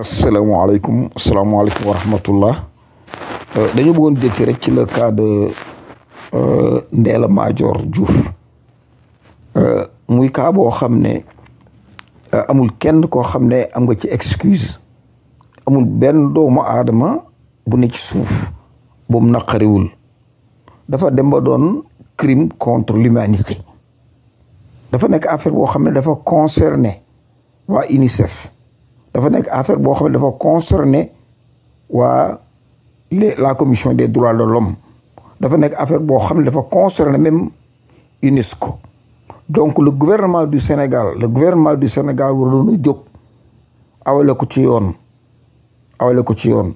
asalaamaaleykum asalaamaaleykum wa rahmatullah euh, dañu bëggoon jëkk rek ci le cas de euh, Ndella euh, muy cas boo xam ne amul kenn koo xam ne am nga ci excuse amul benn doomu aadama bu ne ci suuf bu mu naqariwul dafa dem ba doon crime contre l'humanité dafa nekk affaire boo xam ne dafa concerné waa UNICEF dafa nekk affaire boo xam ne dafa concerné waa les la commission des droits de l'homme dafa nekk affaire boo xam ne dafa concerné même UNESCO donc le gouvernement du Sénégal le gouvernement du Sénégal waroon na jóg awale ko ci yoon awale ko ci yoon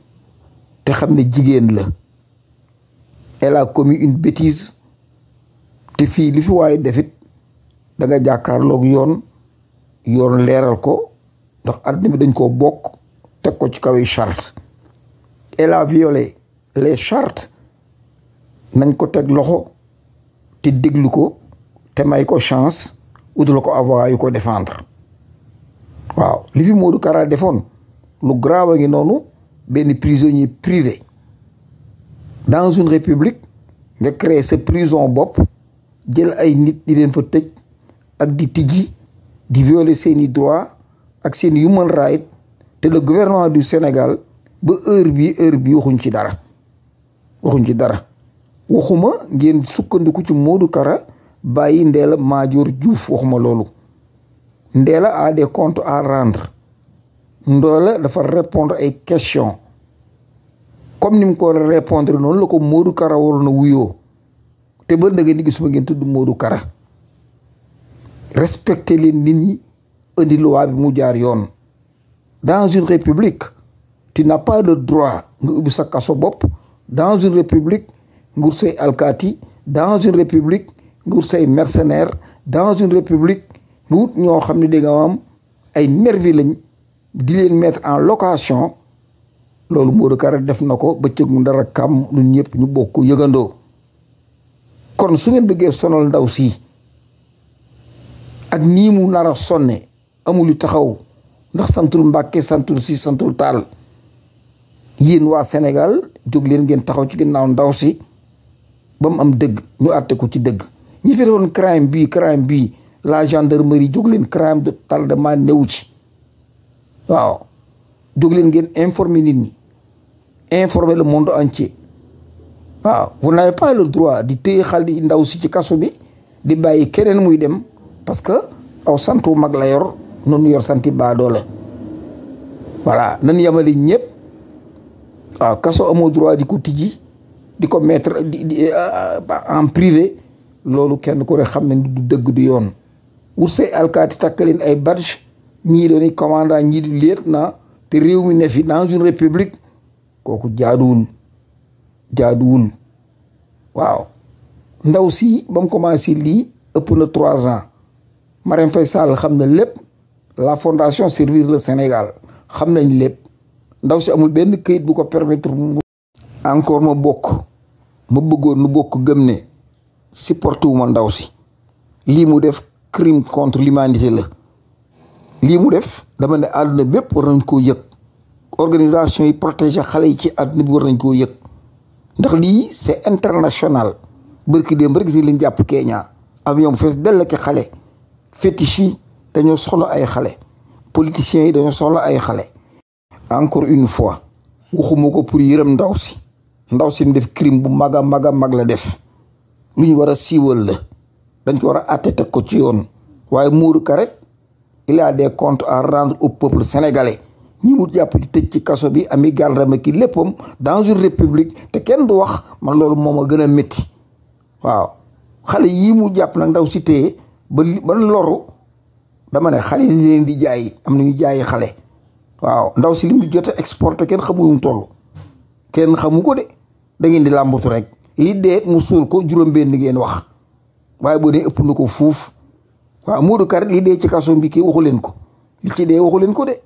te xam ne jigéen la elle la commis une bêtise te fii li fi waaye defit da nga jàkkaarloog yoon yoon leeral ko ndax àddina bi dañ koo bokk teg ko ci kaw charte elle a les chartes nañ ko teg loxo te déglu ko te may ko chance utal ko avocat yu ko défendre waaw li defoon lu grave ngi noonu benn prisonnier privé dans une république nga créer sa prison bopp jël ay nit di leen fa tëj ak di tijji di violer seeni droit ak seen human right te le gouvernement du Sénégal ba heure bi heure bi waxuñ ci dara waxuñ ci dara waxuma ngeen sukkandiku ci Modou Kara bàyyi Ndella Madior Diouf waxuma loolu ndeela a des comptes à rendre Ndella dafa répondre ay questions comme ni mu ko war répondre noonu la ko Modou Kara waroon a wuyoo te ba ndëgg ni suma ngeen tudd Modou Kara respecté leen nit ñi indi loi bi mu jaar yoon dans une république tu n'as pas le droit nga ubbi sa kaso bopp dans une république nguur say alkaati dans une république nguur say mercenaire dans une république nga wut ñoo xam ne dégg am ay nervi lañ di leen mettre en location loolu Modou Kara def na ko ba mu dara kam ñun ñëpp ñu bokk yëgandoo kon su ngeen bëggee sonal ndaw si ak nii mu nar sonne amul yu taxaw ndax santul Mbàkke santul si santul taal yéen waa Sénégal jóg leen ngeen taxaw ci ginnaaw ndaw si ba am dëgg ñu àtte ko ci dëgg ñi fi doon crime bii crime bii la gendarmerie jóg leen crime de tardement néew ci waaw jóg leen ngeen informer nit ñi informe le monde entier waaw vous n'avez pas le droit di téye xal di ndaw si ci kaso bi di bàyyi keneen muy dem parce que aw santu mag la yor noonu yor santi baadoola voilà nan yamali ñëpp waaw kaso amoo droit di ko tijji di ko mettre di euh, en privé loolu kenn ku ne xam ne du dëgg du yoon wut say alkaati takk ay badge ñii dooni commandant ñii di na te réew mi ne fi dans une république kooku jaaduwul jaaduwul waaw ndaw si bam mu commencé lii ëpp na trois ans Marème Faye Sall xam na lépp la fondation servir le Sénégal xam nañ lépp ndaw si amul benn kayit bu ko permettre mu. encore ma bokk ma bëggoon nu bokk gëm ne supporté ma ndaw si lii mu def crime contre l'humanité la lii mu def dama ne àdduna bépp war nañ koo yëg organisation yi protéger xale yi ci àdduna bi war nañ koo yëg ndax lii c'est international bërki démb rek si leen jàpp Kenya avion bu fees dell ak xale fétiche dañoo soxla ay xale politiciens yi dañoo soxla ay xale encore une fois waxuma ko pour yërëm ndaw si ndaw si mu def crime bu mag a mag a mag la def lu ñu war a siiwal la dañ ko war a àtte teg ko ci yoon waaye Modou Ka rek il de des comptes rendre au peuple sénégalais ñi mu jàpp di tëj ci kaso bi ami gàllarme ki léppam dans une république te kenn du wax man loolu moom a gën a métti waaw xale yii jàpp nag ndaw si téye ba ban loru dama ne xale yi leen di jaay am na ñu jaayi xale. waaw ndaw si lim jot a exporté kenn xamul mu toll kenn xamu ko de da ngeen di làmbatu rek. lii dee mu suul ko juróom-benn ngeen wax waaye boo dee ëpp na ko fuuf waaw Modou Kar li dee ci kaso bi kii waxu leen ko ci dee waxu leen ko de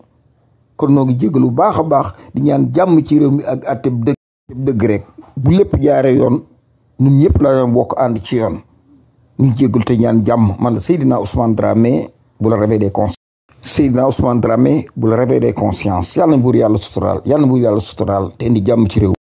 kon noo ngi jégalu baax a baax di ñaan jàmm ci réew mi ak àtte dëgg dëgg rek. bu lépp jaaree yoon nun ñëpp la doon bokk ànd ci yoon ñu jégalu te ñaan jàmm man la Seydina Ousmane Dramé. bu la réveil des consciences Seydina Ousmane Dramé bu la réveil des consciences yàlla na buur yàlla suturaal yàlla na buur yàlla suturaal te jàmm ci réew